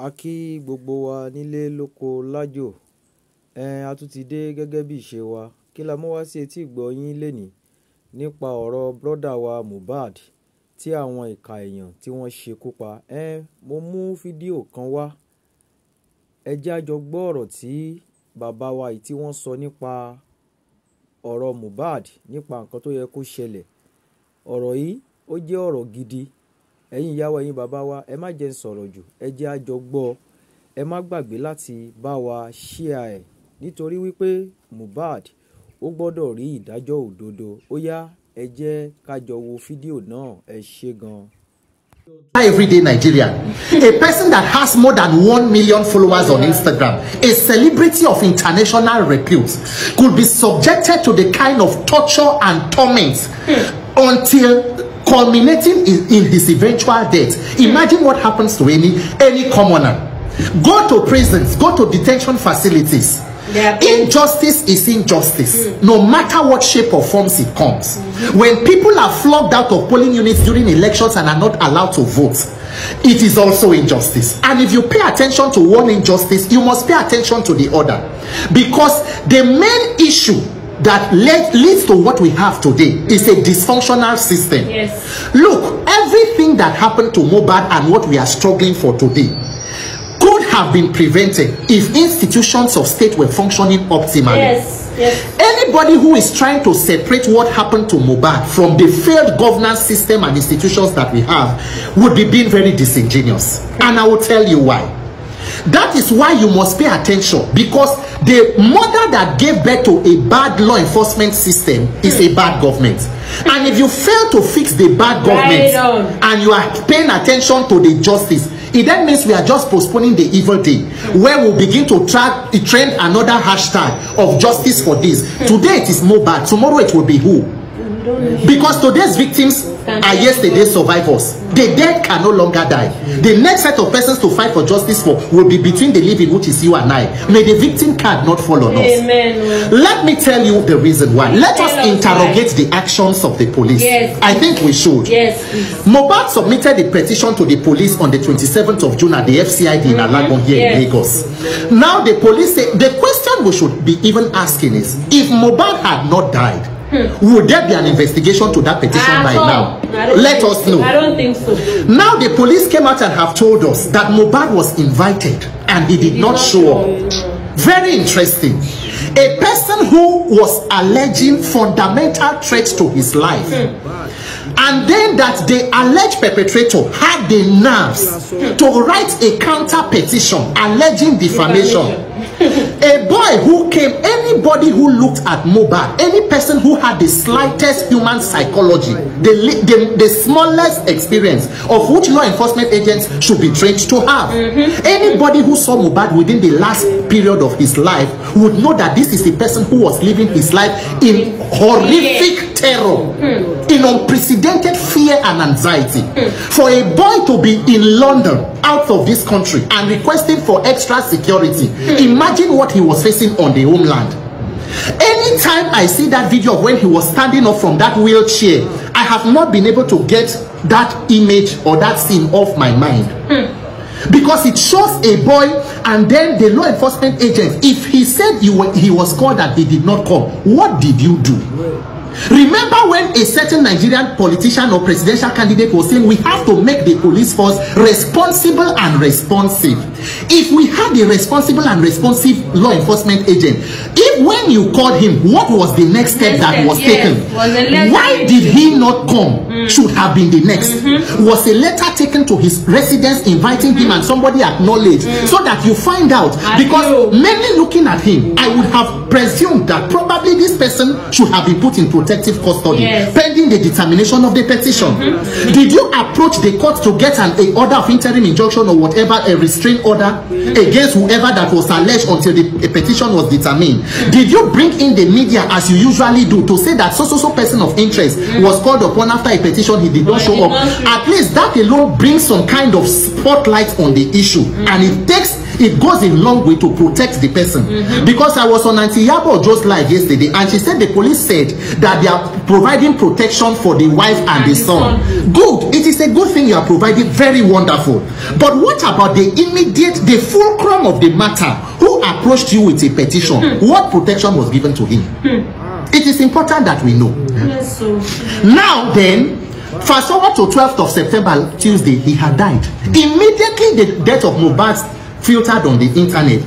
a kí gbogbo wa nílé lóko lájò um a tún ti dé gẹ́gẹ́ bí ìṣe wa kí la mú wá sí etí ìgbọ́ yín lénìí nípa ọ̀rọ̀ brọ́dà wa Mohbad tí àwọn ìka èèyàn tí wọ́n ṣekú pa um mo mú fídíò kan wá ẹ jẹ́ àjọ gbọ́ ọ̀rọ̀ tí bàbá wa yìí tí wọ́n sọ nípa ọ̀rọ̀ Mohbad nípa nǹkan tó yẹ kó ṣẹlẹ̀ ọ̀rọ̀ yìí ó jẹ́ ọ̀rọ̀ gidi ẹ̀yin ìyá wa ẹ̀yin bàbá wa ẹ má jẹ́ sọ̀rọ̀ jù ẹ jẹ́ á gbọ́ ẹ má gbàgbé láti bá wa ṣíà ẹ̀ nítorí wípé Mohbad ó gbọ́dọ̀ rí ìdájọ́ òdodo ó yá ẹ jẹ́ ká jọ wo fídíò náà ẹ ṣé gan-an. Everyday Nigerian, a person that has more than 1 million followers on Instagram, a celebrity of international repute, could be subjected to the kind of torture and torment hmm. until culminating in, in this eventual death. Imagine what happens to any any commoner. Go to prisons, go to detention facilities. Injustice is injustice, mm. no matter what shape or forms it comes. Mm -hmm. When people are flogged out of polling units during elections and are not allowed to vote, it is also injustice. And if you pay attention to one injustice, you must pay attention to the other. Because the main issue that led, leads to what we have today is a dysfunctional system. Yes. Look, everything that happened to Mobad and what we are struggling for today could have been prevented if institutions of state were functioning optimally. Yes. Yes. Anybody who is trying to separate what happened to Mobad from the failed governance system and institutions that we have would be being very disingenuous. And I will tell you why. That is why you must pay attention because the mother that gave birth to a bad law enforcement system is a bad government. And if you fail to fix the bad government right and you are paying attention to the justice, it then means we are just postponing the evil day where we we'll begin to tra trend another hashtag of justice for this. Hmm. Today it is Mohbad, tomorrow it will be who? Because today's victims are yesterday's survivors. The dead can no longer die. The next set of persons to fight for justice for will be between the living, which is you and I. May the victim card not fall on Amen. us. Let me tell you the reason why. Let us interrogate the actions of the police. Yes, I think we should. Yes, Mobad submitted a petition to the police on the 27th of June at the FCID in mm-hmm. Alagon here in Lagos. Now the police say, the question we should be even asking is, if Mobad had not died, Hmm. Would there be an investigation to that petition right ah, by now? Let us know. I don't think so. Now the police came out and have told us that Mubad was invited and he did, he did not, not, show up. Very interesting. A person who was alleging fundamental threats to his life. Hmm. And then that the alleged perpetrator had the nerves hmm. to write a counter petition alleging defamation. defamation. a boy who came, anybody who looked at Moba, any person who had the slightest human psychology, the, the, the smallest experience of which law enforcement agents should be trained to have. Mm -hmm. Anybody who saw Moba within the last period of his life would know that this is the person who was living his life in horrific terror, in unprecedented fear and anxiety. For a boy to be in London, out of this country, and requesting for extra security, imagine what he was facing on the homeland. Anytime I see that video of when he was standing up from that wheelchair, I have not been able to get that image or that scene off my mind. Because it shows a boy and then the law enforcement agent, if he said he was called that they did not come, what did you do? Remember when a certain Nigerian politician or presidential candidate was saying we have to make the police force responsible and responsive. If we had a responsible and responsive law enforcement agent, if when you called him, what was the next step yes, that was yes. taken? Was Why did he not come? Mm. Should have been the next. Mm -hmm. Was a letter taken to his residence inviting mm -hmm. him and mm-hmm. somebody acknowledged mm-hmm. so that you find out? I because do. many looking at him, I would have presumed that probably this person should have been put in protective custody yes. pending the determination of the petition. -hmm. Did you approach the court to get an order of interim injunction or whatever, a restraint order against whoever that was alleged until the petition was determined? Did you bring in the media as you usually do to say that so so so person of interest was called upon after a petition he did not show up? At least that alone brings some kind of spotlight on the issue and it takes it goes a long way to protect the person. Mm -hmm. Because I was on Auntie Yabo just like yesterday, and she said the police said that they are providing protection for the wife and, and the son. Good. It is a good thing you are providing. Very wonderful. But what about the immediate, the fulcrum of the matter? Who approached you with a petition? Hmm. What protection was given to him? Hmm. It is important that we know. Yes, so. Now then, fast forward to 12th of September, Tuesday, he had died. Hmm. Immediately the death of Mubarak's filtered on the internet,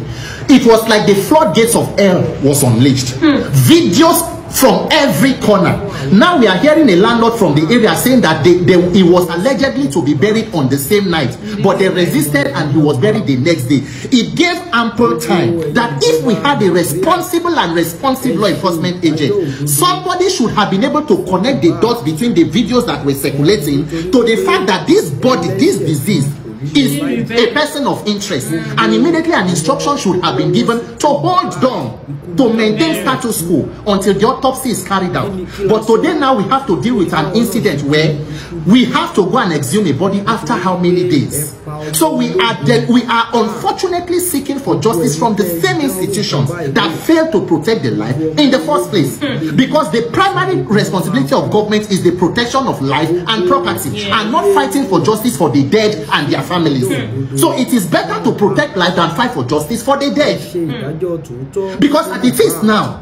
it was like the floodgates of hell was unleashed. Mm. Videos from every corner. Now we are hearing a landlord from the area saying that they, they, he was allegedly to be buried on the same night, but they resisted and he was buried the next day. It gave ample time that if we had a responsible and responsive law enforcement agent, somebody should have been able to connect the dots between the videos that were circulating to the fact that this body, this disease, is a person of interest and immediately an instruction should have been given to hold down to maintain status quo until the autopsy is carried out but today now we have to deal with an incident where we have to go and exhume a body after how many days so we are we are unfortunately seeking for justice from the same institutions that failed to protect the life in the first place because the primary responsibility of government is the protection of life and property and not fighting for justice for the dead and their families. Mm. So it is better to protect life than fight for justice for the dead. Because at it is now,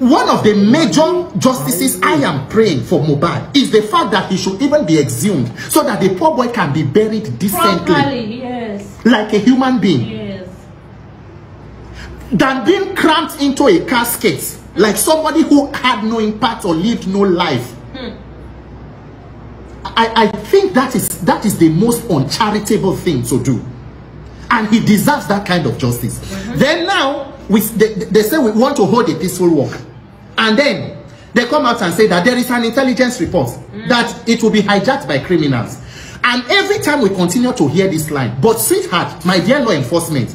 one of the major justices I am praying for Mubad is the fact that he should even be exhumed so that the poor boy can be buried decently. Properly, yes. Like a human being. Yes. Than being cramped into a casket like somebody who had no impact or lived no life. I, I think that is, that is the most uncharitable thing to do. And he deserves that kind of justice. Mm -hmm. Then now, we, they, they say we want to hold a peaceful walk. And then, they come out and say that there is an intelligence report mm. that it will be hijacked by criminals. And every time we continue to hear this line, but sweetheart, my dear law enforcement,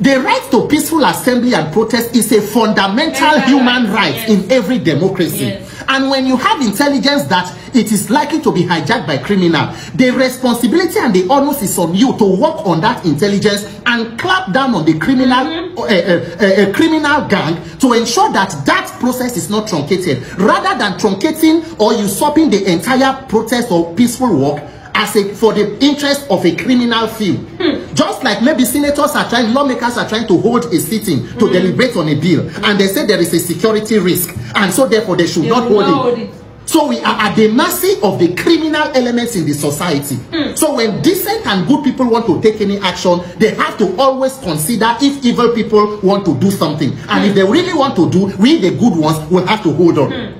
the right to peaceful assembly and protest is a fundamental yeah. human right yes. in every democracy. Yes and when you have intelligence that it is likely to be hijacked by criminal the responsibility and the onus is on you to work on that intelligence and clap down on the criminal mm -hmm. uh, uh, uh, criminal gang to ensure that that process is not truncated rather than truncating or usurping the entire protest or peaceful work as a for the interest of a criminal few. Hmm. Just like maybe senators are trying, lawmakers are trying to hold a sitting to mm -hmm. deliberate on a bill, mm -hmm. and they say there is a security risk, and so therefore they should not hold it. it. So we are at the mercy of the criminal elements in the society. Mm. So when decent and good people want to take any action, they have to always consider if evil people want to do something. And mm. if they really want to do, we the good ones will have to hold on. Mm.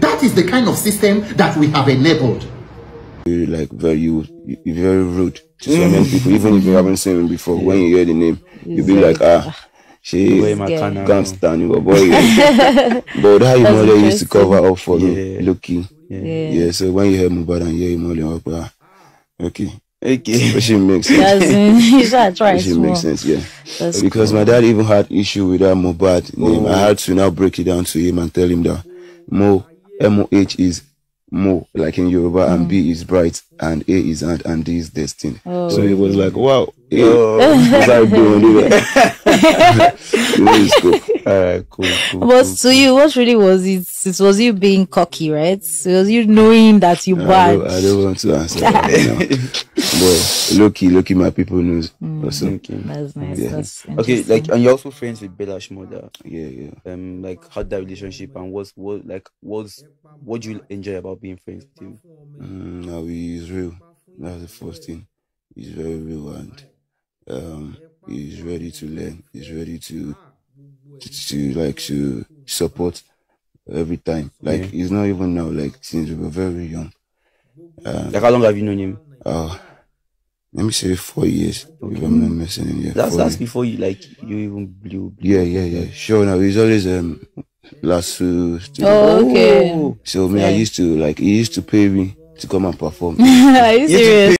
That is the kind of system that we have enabled. Like very, very rude to many mm. people, even if you haven't seen him before. Yeah. When you hear the name, you'll be like, ah, she can't stand you, boy. Eh? but how Imole used to cover up for yeah. looking. Yeah. yeah. so when you hear Mubad and hear Imole, up, ah, okay. Okay. she makes sense. you should try Which makes sense, yeah. That's because cool. my dad even had issue with that Mubad name. Oh. I had to now break it down to him and tell him that Mo M O H is Mo, like in Yoruba, mm. and B mm. is bright, and A is and, and D is destined. Oh. So it oh. was like, wow, A, oh, what's I doing? it was cool. Uh, cool, But cool, to cool. you, what really was it? It was you being cocky, right? It was you knowing that you no, I don't, I don't want to answer that right now. But lucky, lucky, my people knows. Mm, also. Okay. That's nice. Yeah. That's okay, like, and you're also friends with Bella Shmoda Yeah, yeah. Um, like, how that relationship and what's what, like, what's what do you enjoy about being friends with him? Mm, no, he's real. That's the first thing. He's very real and um, he's ready to learn. He's ready to to like to support every time. Like yeah. it's not even now. Like since we were very young. Um, like how long have you known him? Uh, let me say four years. Okay. If I'm not messing yeah, That's that's years. before you like you even blew, blew. Yeah, yeah, yeah. Sure. Now he's always um last two. Oh, okay. So me, yeah. I used to like he used to pay me to come and perform. Are you serious?